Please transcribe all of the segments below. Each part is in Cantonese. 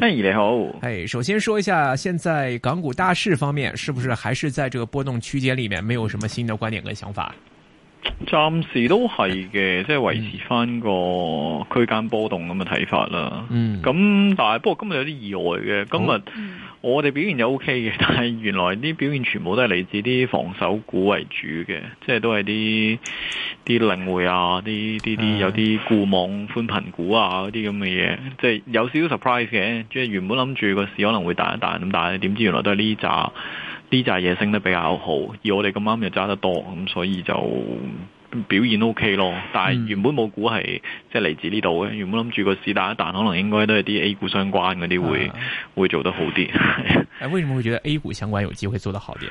陳昕，你好，誒，首先說一下，現在港股大市方面，是不是還是在這個波動區間裏面，沒有什麼新的觀點跟想法？暫時都係嘅，即係維持翻個區間波動咁嘅睇法啦。嗯，咁但係不過今日有啲意外嘅，今日我哋表現就 OK 嘅，但係原來啲表現全部都係嚟自啲防守股為主嘅，即係都係啲啲領匯啊，啲啲啲有啲固網寬頻股啊嗰啲咁嘅嘢，即係有少少 surprise 嘅，即係原本諗住個市可能會彈一彈咁，但係點知原來都係呢紮。呢隻嘢升得比較好，而我哋咁啱又揸得多，咁所以就表現 O K 咯。但係原本冇估係即係嚟自呢度嘅，原本諗住個市但一但可能應該都係啲 A 股相關嗰啲會、啊、會做得好啲。誒、 啊，為什麼會覺得 A 股相關有機會做得好啲？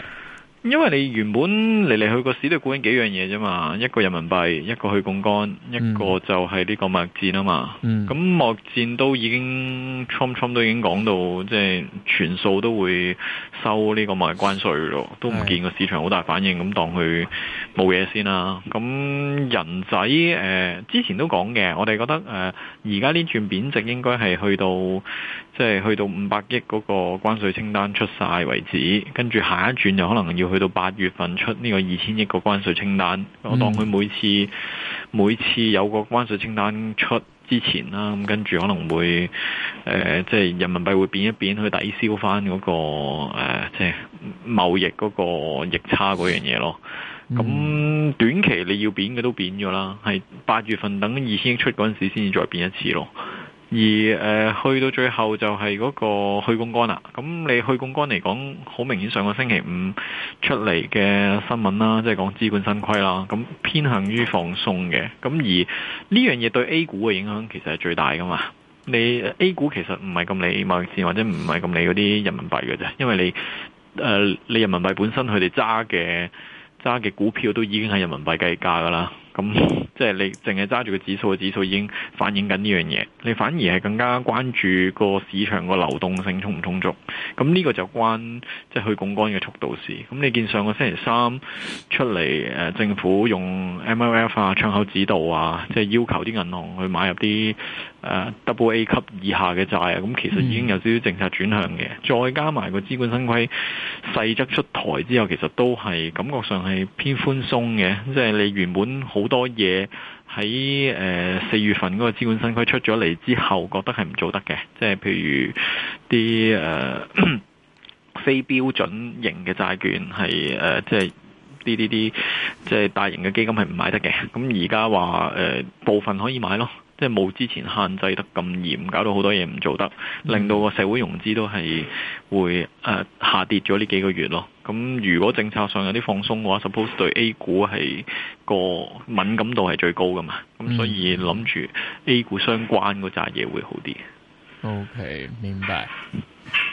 因為你原本嚟嚟去個市都估緊幾樣嘢啫嘛，一個人民幣，一個去槓桿，一個就係呢個貿戰啊嘛。咁貿戰都已經，Trump Trump 都已經講到即係、就是、全數都會收呢個貿關稅咯，都唔見個市場好大反應，咁當佢冇嘢先啦、啊。咁人仔誒、呃、之前都講嘅，我哋覺得誒而家呢轉貶值應該係去到即係、就是、去到五百億嗰個關稅清單出晒為止，跟住下一轉就可能要。去到八月份出呢個二千億個關稅清單，我當佢每次每次有個關稅清單出之前啦，咁跟住可能會誒、呃，即係人民幣會貶一貶去抵消翻嗰，那個誒、呃，即係貿易嗰個逆差嗰樣嘢咯。咁短期你要貶嘅都貶咗啦，係八月份等二千億出嗰陣時先至再變一次咯。而誒、呃、去到最後就係嗰個去杠杆啦。咁你去杠杆嚟講，好明顯上個星期五出嚟嘅新聞啦，即係講資管新規啦。咁、嗯、偏向於放鬆嘅。咁而呢樣嘢對 A 股嘅影響其實係最大噶嘛？你 A 股其實唔係咁理貿易線，或者唔係咁理嗰啲人民幣嘅啫。因為你誒、呃、你人民幣本身佢哋揸嘅揸嘅股票都已經係人民幣計價噶啦。咁、嗯嗯、即係你淨係揸住個指數嘅指數已經反映緊呢樣嘢。你反而係更加關注個市場個流動性充唔充足。咁呢個就關，即係去杠杆嘅速度事。咁你見上個星期三出嚟，誒、啊、政府用 MLF 啊窗口指導啊，即係要求啲銀行去買入啲誒 AA 級以下嘅債啊。咁其實已經有少少政策轉向嘅。再加埋個資管新規細則出台之後，其實都係感覺上係偏寬鬆嘅。即係你原本好。好多嘢喺誒四月份嗰個資管新規出咗嚟之後，覺得係唔做得嘅，即係譬如啲誒、呃、 非標準型嘅債券係誒、呃，即係啲啲啲，即係大型嘅基金係唔買得嘅。咁而家話誒部分可以買咯。即係冇之前限制得咁嚴，搞到好多嘢唔做得，令到個社會融資都係會誒、呃、下跌咗呢幾個月咯。咁如果政策上有啲放鬆嘅話，suppose 對 A 股係個敏感度係最高㗎嘛。咁所以諗住 A 股相關嗰扎嘢會好啲。OK，明白。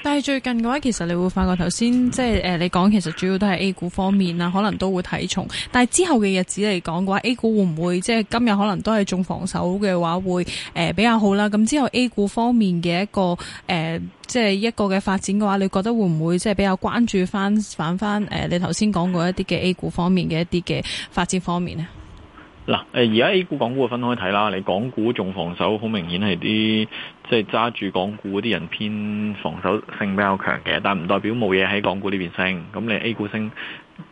但係最近嘅話，其實你會發覺頭先即係誒，你講其實主要都係 A 股方面啦，可能都會睇重。但係之後嘅日子嚟講嘅話，A 股會唔會即係今日可能都係重防守嘅話，會誒、呃、比較好啦。咁之後 A 股方面嘅一個誒、呃，即係一個嘅發展嘅話，你覺得會唔會即係比較關注翻反翻誒？你頭先講過一啲嘅 A 股方面嘅一啲嘅發展方面呢？嗱，誒而家 A 股、港股啊，分開睇啦。你港股仲防守，好明顯係啲即係揸住港股嗰啲人偏防守性比較強嘅，但唔代表冇嘢喺港股呢邊升。咁你 A 股升，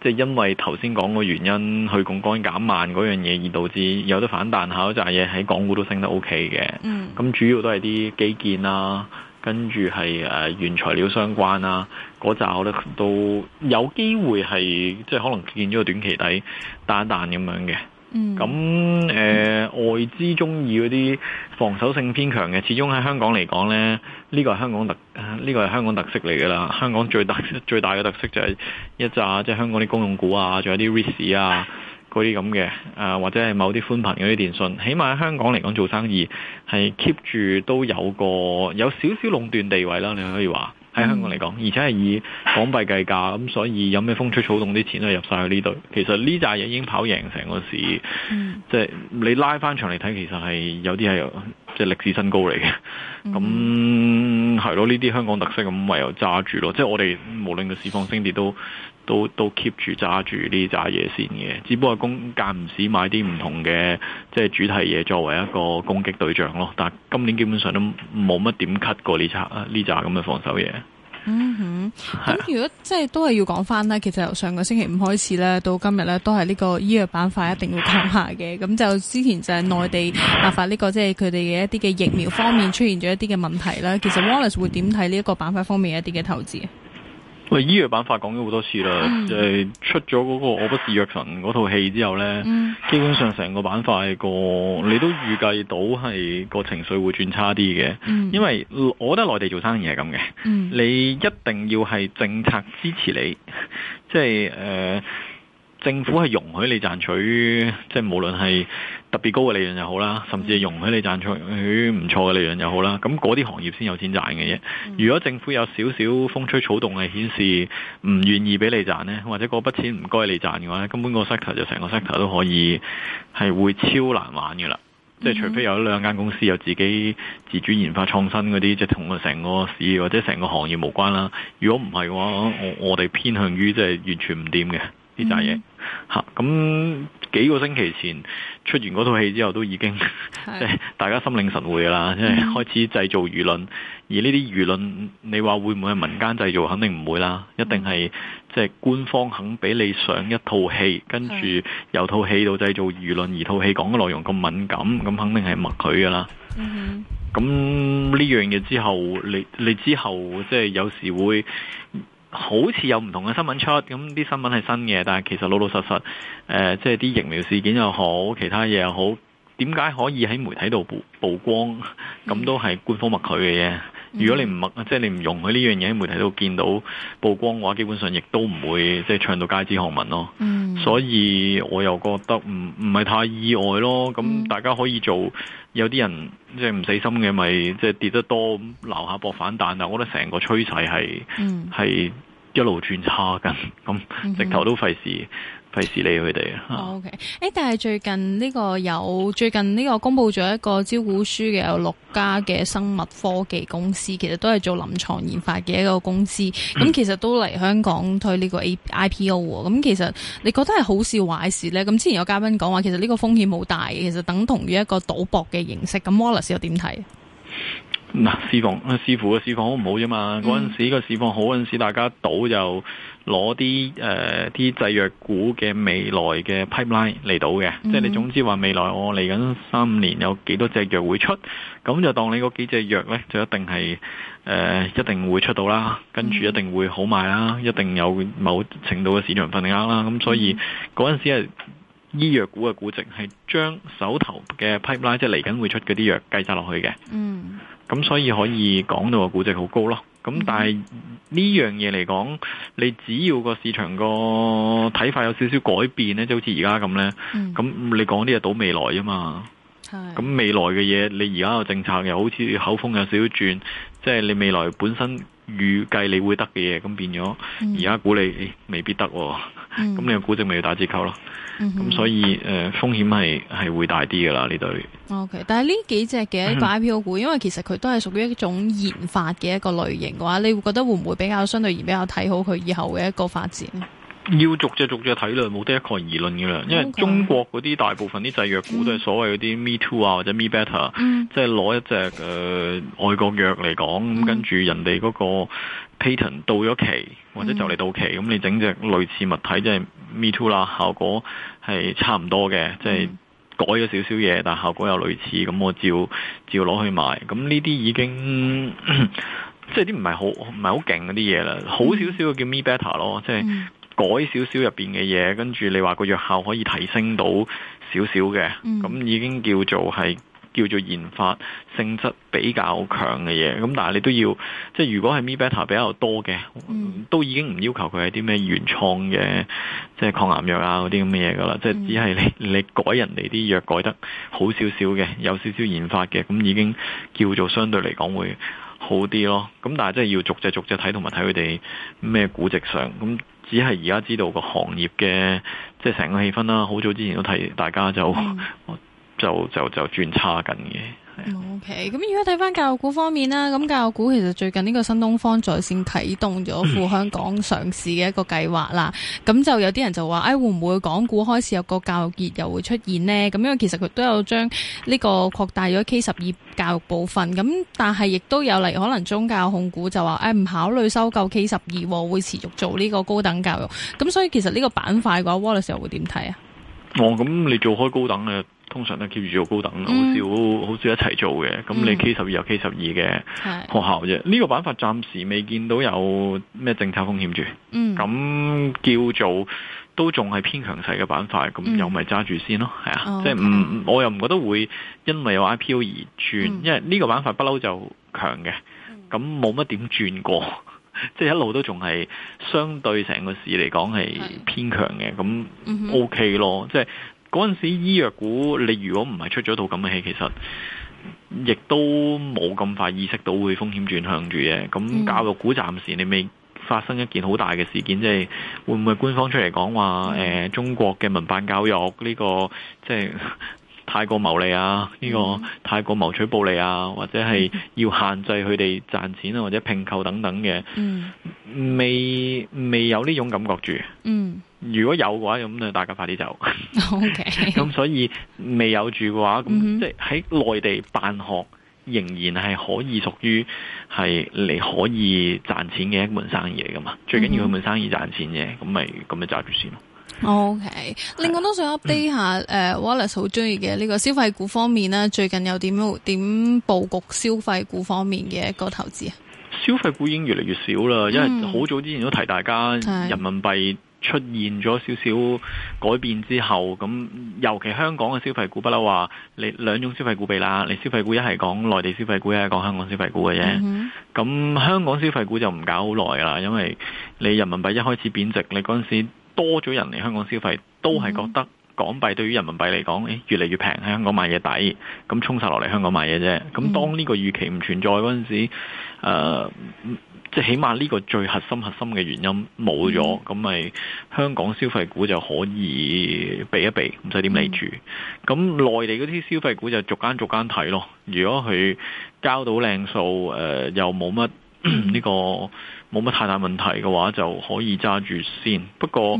即係因為頭先講個原因去杠杆減慢嗰樣嘢，而導致有得反彈下。嚇，一紮嘢喺港股都升得 OK 嘅。嗯。咁主要都係啲基建啦，跟住係誒原材料相關啦，嗰紮咧都有機會係即係可能見咗個短期底，彈一彈咁樣嘅。嗯，咁誒、呃、外資中意啲防守性偏強嘅，始終喺香港嚟講咧，呢、呢個係香港特，呢、呢個係香港特色嚟㗎啦。香港最大最大嘅特色就係一扎即係香港啲公用股啊，仲有啲 risk 啊啲咁嘅，啊、呃、或者係某啲寬頻啲電信，起碼喺香港嚟講做生意係 keep 住都有個有少少壟斷地位啦，你可以話。喺香港嚟講，而且係以港幣計價，咁所以有咩風吹草動，啲錢都入晒去呢度。其實呢扎嘢已經跑贏成個市，即係、嗯、你拉翻長嚟睇，其實係有啲係。即係歷史新高嚟嘅，咁係咯，呢啲香港特色咁，唯有揸住咯。即係我哋無論個市況升跌都，都都都 keep 住揸住呢扎嘢先嘅。只不過間唔時買啲唔同嘅即係主題嘢作為一個攻擊對象咯。但係今年基本上都冇乜點 cut 過呢扎呢扎咁嘅防守嘢。嗯哼，咁如果即係都係要講翻啦，其實由上個星期五開始咧，到今日咧，都係呢個醫藥板塊一定會睇下嘅。咁就之前就係內地爆發呢個即係佢哋嘅一啲嘅疫苗方面出現咗一啲嘅問題啦。其實 Wallace 會點睇呢一個板塊方面一啲嘅投資？喂，醫藥板塊講咗好多次啦，即係出咗嗰個《我不是藥神》嗰套戲之後呢，基本上成個板塊個你都預計到係個情緒會轉差啲嘅，因為我覺得內地做生意係咁嘅，你一定要係政策支持你，即係、呃、政府係容許你賺取，即係無論係。特別高嘅利潤又好啦，甚至係容許你賺取唔錯嘅利潤又好啦。咁嗰啲行業先有錢賺嘅啫。如果政府有少少風吹草動嘅顯示唔願意俾你賺呢，或者嗰筆錢唔該你賺嘅話咧，根本個 sector 就成個 sector 都可以係會超難玩嘅啦。即係除非有兩間公司有自己自主研發創新嗰啲，即係同個成個市或者成個行業無關啦。如果唔係嘅話，我我哋偏向於即係完全唔掂嘅。啲咁、mm hmm. 嗯、幾個星期前出完嗰套戲之後，都已經即 係大家心領神會噶啦，即係、mm hmm. 開始製造輿論。而呢啲輿論，你話會唔會係民間製造？肯定唔會啦，一定係即係官方肯俾你上一套戲，mm hmm. 跟住由套戲到製造輿論。而套戲講嘅內容咁敏感，咁肯定係默許噶啦。咁呢、mm hmm. 樣嘢之後，你你之後即係、就是、有時會。好似有唔同嘅新聞出，咁啲新聞係新嘅，但係其實老老實實，呃，即係啲疫苗事件又好，其他嘢又好，點解可以喺媒體度曝光？咁都係官方默許嘅嘢。如果你唔默，即係、嗯、你唔容許呢樣嘢喺媒體度見到曝光嘅話，基本上亦都唔會即係、就是、唱到街知巷聞咯。嗯、所以我又覺得唔唔係太意外咯。咁、嗯、大家可以做，有啲人即係唔死心嘅，咪即係跌得多，留下博反彈。但我覺得成個趨勢係係、嗯、一路轉差緊，咁 直頭都費事。嗯嗯 費事理佢哋啊！O K，誒，okay. 但係最近呢個有最近呢個公布咗一個招股書嘅有六家嘅生物科技公司，其實都係做臨牀研發嘅一個公司，咁 其實都嚟香港推呢個 IPO 喎。咁其實你覺得係好事壞事咧？咁之前有嘉賓講話，其實呢個風險好大，其實等同於一個賭博嘅形式。咁 Wallace 又點睇？嗱，師傅啊，師傅嘅市況好唔好啫嘛？嗰陣、嗯、時個市況好，嗰陣時大家賭就。攞啲誒啲製藥股嘅未來嘅 pipeline 嚟到嘅，mm hmm. 即係你總之話未來我嚟緊三五年有幾多隻藥會出，咁就當你嗰幾隻藥呢就一定係誒、呃、一定會出到啦，跟住一定會好賣啦，一定有某程度嘅市場份額啦，咁所以嗰陣、mm hmm. 時係醫藥股嘅估值係將手頭嘅 pipeline 即係嚟緊會出嗰啲藥計晒落去嘅。嗯、mm。Hmm. 咁、嗯、所以可以講到個估值好高咯。咁但係呢、嗯、樣嘢嚟講，你只要個市場個睇法有少少改變呢就好似而家咁呢。咁、嗯、你講啲嘢到未來啊嘛。咁的未來嘅嘢，你而家個政策又好似口風有少少轉，即、就、係、是、你未來本身。預計你會得嘅嘢，咁變咗而家估你、嗯欸、未必得喎、哦，咁、嗯、 你嘅估值咪要打折扣咯？咁、嗯、哼所以誒、呃、風險係係會大啲㗎喇呢對。OK，但係呢幾隻嘅 IPO 股，因為其實佢都係屬於一種研發嘅一個類型嘅話，你會覺得會唔會比較相對而比較睇好佢以後嘅一個發展？要逐隻逐隻睇啦，冇得一概而論嘅啦。因為中國嗰啲大部分啲製藥股都係所謂嗰啲 me too 啊，或者 me better，即係攞一隻誒、呃、外國藥嚟講，咁、嗯、跟住人哋嗰個 patent 到咗期或者就嚟到期，咁、嗯、你整隻類似物體即係、就是、me too 啦，效果係差唔多嘅，即、就、係、是、改咗少少嘢，但係效果又類似，咁我照照攞去賣。咁呢啲已經即係啲唔係好唔係好勁嗰啲嘢啦，好少少叫 me better 咯，即、就、係、是。嗯改少少入邊嘅嘢，跟住你話個藥效可以提升到少少嘅，咁、嗯、已經叫做係叫做研發性質比較強嘅嘢。咁但係你都要，即係如果係 me better 比較多嘅，嗯、都已經唔要求佢係啲咩原創嘅，即係抗癌藥啊嗰啲咁嘅嘢噶啦。即係只係你你改人哋啲藥改得好少少嘅，有少少研發嘅，咁已經叫做相對嚟講會好啲咯。咁但係即係要逐隻逐隻睇，同埋睇佢哋咩估值上咁。嗯只係而家知道個行業嘅，即係成個氣氛啦。好早之前都提大家就、mm. 就就就轉差緊嘅。O K，咁如果睇翻教育股方面啦，咁教育股其實最近呢個新東方在線啟動咗赴香港上市嘅一個計劃啦，咁、嗯、就有啲人就話，誒、哎、會唔會港股開始有個教育業又會出現咧？咁因為其實佢都有將呢個擴大咗 K 十二教育部分，咁但係亦都有例如可能中教控股就話，誒、哎、唔考慮收購 K 十二，會持續做呢個高等教育，咁所以其實呢個板塊嘅話，Wallace 又會點睇啊？哦，咁你做開高等嘅，通常都 keep 住做高等，嗯、好少好少一齊做嘅。咁你 K 十二有 K 十二嘅學校啫，呢、嗯、個板塊暫時未見到有咩政策風險住。嗯，咁叫做都仲係偏強勢嘅板塊，咁有咪揸住先咯，係、嗯、啊，okay, 即係唔我又唔覺得會因為有 IPO 而轉，嗯、因為呢個板塊不嬲就強嘅，咁冇乜點轉過。即係一路都仲係相對成個市嚟講係偏強嘅，咁 O K 咯。即係嗰陣時醫藥股，你如果唔係出咗套咁嘅戲，其實亦都冇咁快意識到會風險轉向住嘅。咁教育股暫時你未發生一件好大嘅事件，即係會唔會官方出嚟講話？誒、嗯呃，中國嘅民辦教育呢、這個即係。太過牟利啊，呢、這個太過謀取暴利啊，或者係要限制佢哋賺錢啊，或者併購等等嘅，未未有呢種感覺住。嗯，如果有嘅話，咁就大家快啲走。O K。咁所以未有住嘅話，咁即係喺內地辦學仍然係可以屬於係嚟，可以賺錢嘅一門生意嚟噶嘛。最緊要佢門生意賺錢嘅，咁咪咁咪揸住先咯。O、okay. K，另外都想 update 下，誒的、uh, Wallace 好中意嘅呢個消費股方面咧，最近有點點布局消費股方面嘅一個投資啊？消費股已經越嚟越少啦，嗯、因為好早之前都提大家，的人民幣出現咗少少改變之後，咁尤其香港嘅消費股不嬲話你兩種消費股比啦，你消費股一係講內地消費股，一係講香港消費股嘅啫。咁、嗯、哼香港消費股就唔搞好耐啦，因為你人民幣一開始貶值，你嗰陣時。多咗人嚟香港消費，都係覺得港幣對於人民幣嚟講，誒、欸、越嚟越平，喺香港買嘢抵，咁沖晒落嚟香港買嘢啫。咁當呢個預期唔存在嗰陣時，即起碼呢個最核心核心嘅原因冇咗，咁咪香港消費股就可以避一避，唔使點理住。咁內地嗰啲消費股就逐間逐間睇咯。如果佢交到靚數，誒、呃、又冇乜。呢、 這個冇乜太大問題嘅話，就可以揸住先。不過，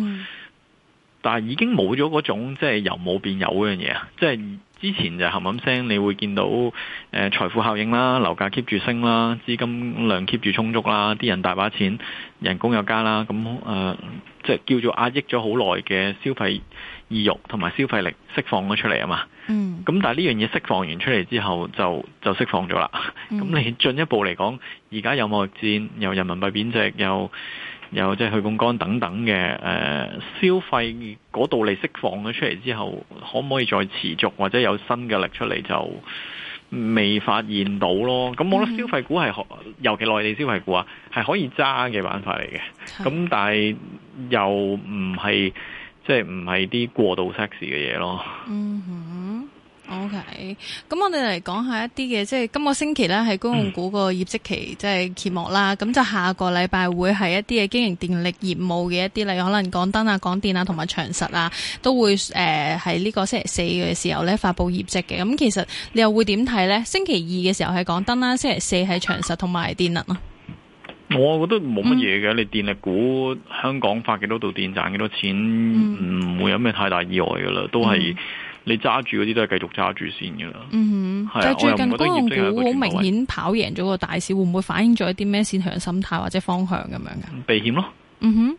但係已經冇咗嗰種即係、就是、由冇變有嗰樣嘢啊！即、就、係、是、之前就含含聲，你會見到誒財富效應啦，樓價 keep 住升啦，資金量 keep 住充足啦，啲人大把錢，人工又加啦，咁誒即係叫做壓抑咗好耐嘅消費。意欲同埋消費力釋放咗出嚟啊嘛，咁、嗯、但係呢樣嘢釋放完出嚟之後就就釋放咗啦。咁 你進一步嚟講，而家有貿易戰，有人民幣貶值，有有即係去槓桿等等嘅誒、呃、消費嗰度嚟釋放咗出嚟之後，可唔可以再持續或者有新嘅力出嚟就未發現到咯。咁我覺得消費股係、嗯、尤其內地消費股啊，係可以揸嘅板塊嚟嘅。咁的但係又唔係。即係唔係啲過度 sexy 嘅嘢咯。嗯嗯，OK。咁我哋嚟講下一啲嘅，即係今個星期咧，係公用股個業績期，即係揭幕啦。咁、嗯、就下個禮拜會係一啲嘅經營電力業務嘅一啲，例如可能港燈啊、廣電啊同埋長實啊，都會誒喺呢個星期四嘅時候咧，發布業績嘅。咁其實你又會點睇咧？星期二嘅時候係港燈啦，星期四係長實同埋電能、啊。我覺得冇乜嘢嘅，嗯、你電力股香港發幾多度電，賺幾多錢，唔、嗯、會有咩太大意外噶啦，都係、嗯、你揸住嗰啲都係繼續揸住先噶啦。嗯哼，啊、就最近公用股好明顯跑贏咗個大市，會唔會反映咗一啲咩線向心態或者方向咁樣噶？避險咯。嗯哼，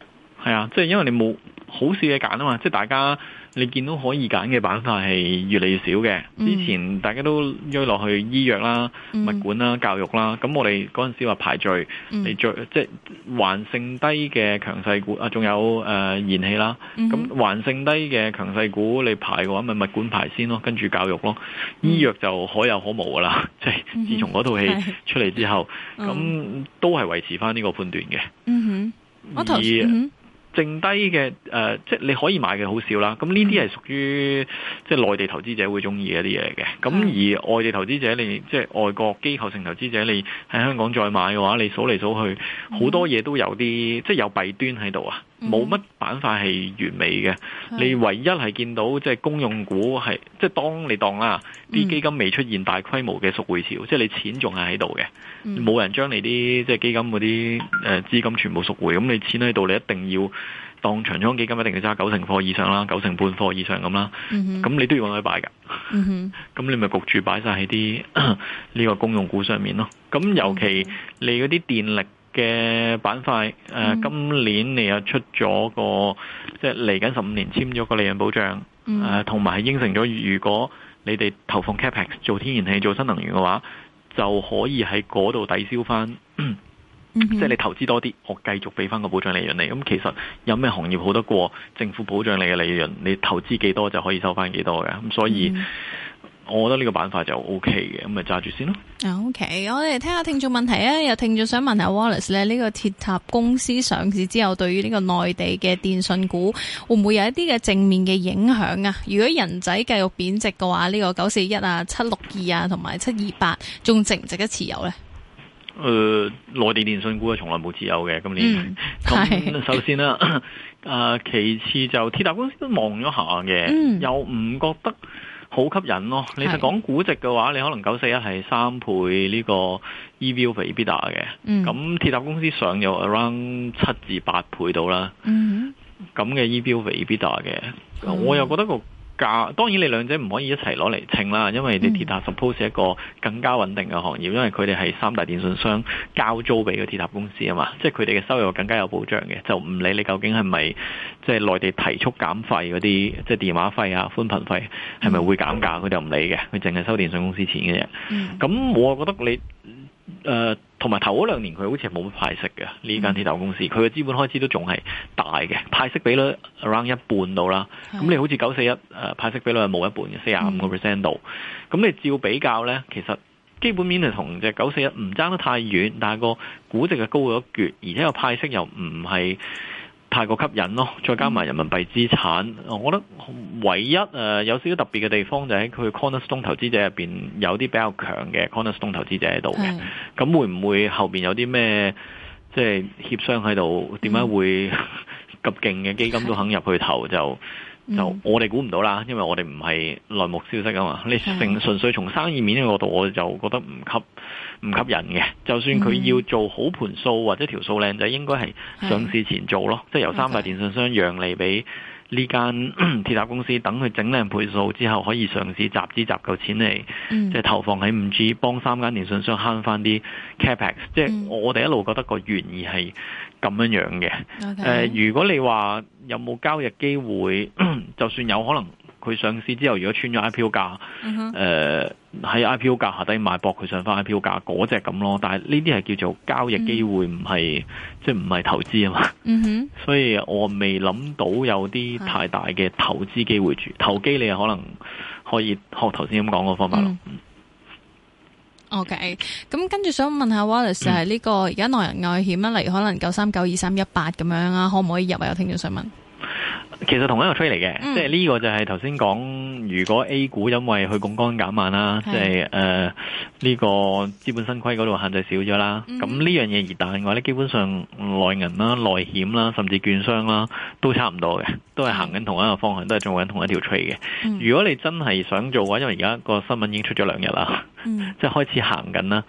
係啊，即係因為你冇好少嘢揀啊嘛，即係大家。你見到可以揀嘅板塊係越嚟越少嘅，之前大家都約落去醫藥啦、嗯、物管啦、教育啦，咁我哋嗰陣時話排序嚟、嗯、最，即係還剩低嘅強勢股啊，仲有誒燃、呃、氣啦，咁還剩低嘅強勢股你排嘅話咪、就是、物管排先咯，跟住教育咯，醫藥就可有可無噶啦，即係、嗯、哼 自從嗰套戲出嚟之後，咁、嗯嗯、都係維持翻呢個判斷嘅。嗯哼，我頭、嗯剩低嘅誒，即係你可以買嘅好少啦。咁呢啲係屬於即係內地投資者會中意嘅一啲嘢嘅。咁而外地投資者，你即係外國機構性投資者，你喺香港再買嘅話，你數嚟數去好多嘢都有啲即係有弊端喺度啊。冇乜、mm hmm. 板塊係完美嘅，的你唯一係見到即係、就是、公用股係，即、就、係、是、當你當啦，啲、mm hmm. 基金未出現大規模嘅贖回潮，即、就、係、是、你錢仲係喺度嘅，冇、mm hmm. 人將你啲即係基金嗰啲誒資金全部贖回，咁你錢喺度，你一定要當長中基金一定要揸九成貨以上啦，九成半貨以上咁啦，咁你都要攞去擺㗎，咁、mm hmm. 你咪焗住擺晒喺啲呢個公用股上面咯，咁尤其你嗰啲電力。Mm hmm. 嘅板塊，誒、呃、今年你又出咗個，即係嚟緊十五年簽咗個利潤保障，誒、嗯呃、同埋應承咗，如果你哋投放 CapEx 做天然氣、做新能源嘅話，就可以喺嗰度抵消翻，嗯、哼即係你投資多啲，我繼續俾翻個保障利潤你。咁、嗯、其實有咩行業好得過政府保障你嘅利潤？你投資幾多就可以收翻幾多嘅。咁、嗯、所以。嗯我覺得呢個板塊就 O K 嘅，咁咪揸住先咯。OK，我哋聽下聽眾問題啊，有聽眾想問下 Wallace 咧，呢個鐵塔公司上市之後，對於呢個內地嘅電信股會唔會有一啲嘅正面嘅影響啊？如果人仔繼續貶值嘅話，呢、這個九四一啊、七六二啊同埋七二八，仲值唔值得持有呢？誒、呃，內地電信股啊，從來冇持有嘅。今年首先啦，誒、呃，其次就鐵塔公司都望咗下嘅，嗯、又唔覺得。好吸引咯！你係講估值嘅話，你可能九四一係三倍呢個 EV over EBITDA 嘅，咁、嗯、鐵塔公司上有 around 七至八倍到啦。咁嘅、嗯、哼 EV over EBITDA 嘅，嗯、我又覺得、嗰個。價當然，你兩者唔可以一齊攞嚟稱啦，因為你鐵塔 suppose 係一個更加穩定嘅行業，因為佢哋係三大電信商交租俾個鐵塔公司啊嘛，即係佢哋嘅收入更加有保障嘅，就唔理你究竟係咪即係內地提速減費嗰啲，即係電話費啊寬頻費係咪會減價，佢哋又唔理嘅，佢淨係收電信公司錢嘅啫。咁我覺得你誒。呃同埋頭嗰兩年佢好似係冇乜派息嘅呢間鐵頭公司，佢嘅資本開支都仲係大嘅派息比率 around 一半到啦。咁的你好似九四一誒，派息比率係冇一半嘅四十五個 percent 到。咁、嗯、你照比較呢，其實基本面係同隻九四一唔爭得太遠，但係個估值係高咗一橛，而且個派息又唔係。太過吸引咯，再加埋人民幣資產，我覺得唯一誒、呃、有少少特別嘅地方就係佢 Cornerstone 投資者入邊有啲比較強嘅 Cornerstone 投資者喺度嘅，咁的會唔會後邊有啲咩即係協商喺度？點解會咁勁嘅基金都肯入去投就？嗯、就我哋估唔到啦，因為我哋唔係內幕消息啊嘛。的你純粹從生意面角度，我就覺得唔吸唔吸引嘅。就算佢要做好盤數或者條數靚仔，應該係上市前做咯，的即係由三大電信商讓利俾。呢間鐵塔公司等佢整靚倍數之後，可以上市集資集夠錢嚟，嗯、即係投放喺 5G，幫三間電信商慳翻啲 capex。即係我哋一路覺得個原意係咁樣樣嘅。誒 Okay.、呃，如果你話有冇交易機會， 就算有可能。佢上市之後，如果穿咗 IPO 價，誒喺 IPO 價下低買，博佢上翻 IPO 價，嗰隻咁咯。但係呢啲係叫做交易機會，唔係、嗯、哼即係唔係投資啊嘛。嗯、哼所以我未諗到有啲太大嘅投資機會住，是投機你又可能可以學頭先咁講個方法咯、嗯。OK，咁跟住想問，問下 Wallace 係呢個而家內銀外險啊？嗯、例如可能九三九二三一八咁樣啊，可唔可以入啊？有聽眾想問。其實同一個 tree 嚟嘅，嗯、即係呢個就係頭先講，如果 A 股因為去槓桿減慢啦，即係誒呢個資本新規嗰度限制少咗啦，咁呢、嗯、樣嘢而但嘅話咧，基本上內銀啦、內險啦、甚至券商啦，都差唔多嘅，都係行緊同一個方向，都係做緊同一條 tree 嘅。嗯、如果你真係想做嘅話，因為而家個新聞已經出咗兩日啦，嗯、 即係開始行緊啦，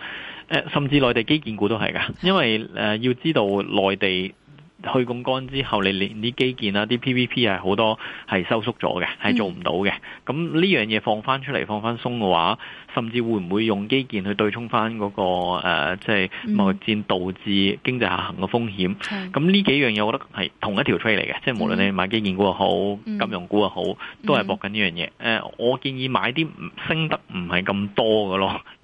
甚至內地基建股都係噶，因為誒、呃呃、要知道內地。去槓桿之後，你連啲基建啊、啲 PPP 啊，好多係收縮咗嘅，係做唔到嘅。咁呢、嗯、樣嘢放翻出嚟、放翻鬆嘅話，甚至會唔會用基建去對沖翻、那、嗰個即係貿易戰導致經濟下行嘅風險？咁呢、嗯、幾樣嘢，我覺得係同一條出嚟嘅，嗯、即係無論你買基建股又好、嗯、金融股又好，都係搏緊呢樣嘢。誒、呃，我建議買啲升得唔係咁多嘅咯。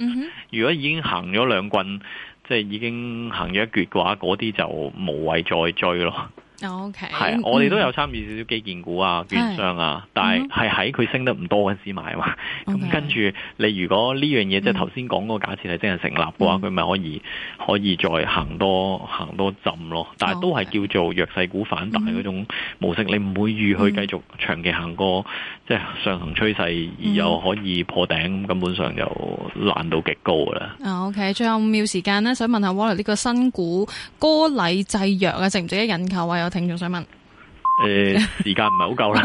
如果已經行咗兩棍。即係已經行咗一橛嘅話，嗰啲就無謂再追咯。O K，係我哋都有參與少少基建股啊、券商啊，但係係喺佢升得唔多嗰陣時買嘛。咁 okay, 跟住你如果呢樣嘢即係頭先講嗰個假設係真係成立嘅話，佢咪、嗯、哼可以可以再行多行多浸咯。但係都係叫做弱勢股反彈嘅嗰種模式。嗯、哼你唔會預去繼續長期行過、嗯、哼即係上行趨勢，而又可以破頂，嗯、哼根本上就難度極高啦。啊，O K，最後五秒時間呢，想問，問下 Wallace 呢個新股歌禮製藥啊，值唔值得引購啊？聽眾想問，誒、呃，時間唔係好夠啦。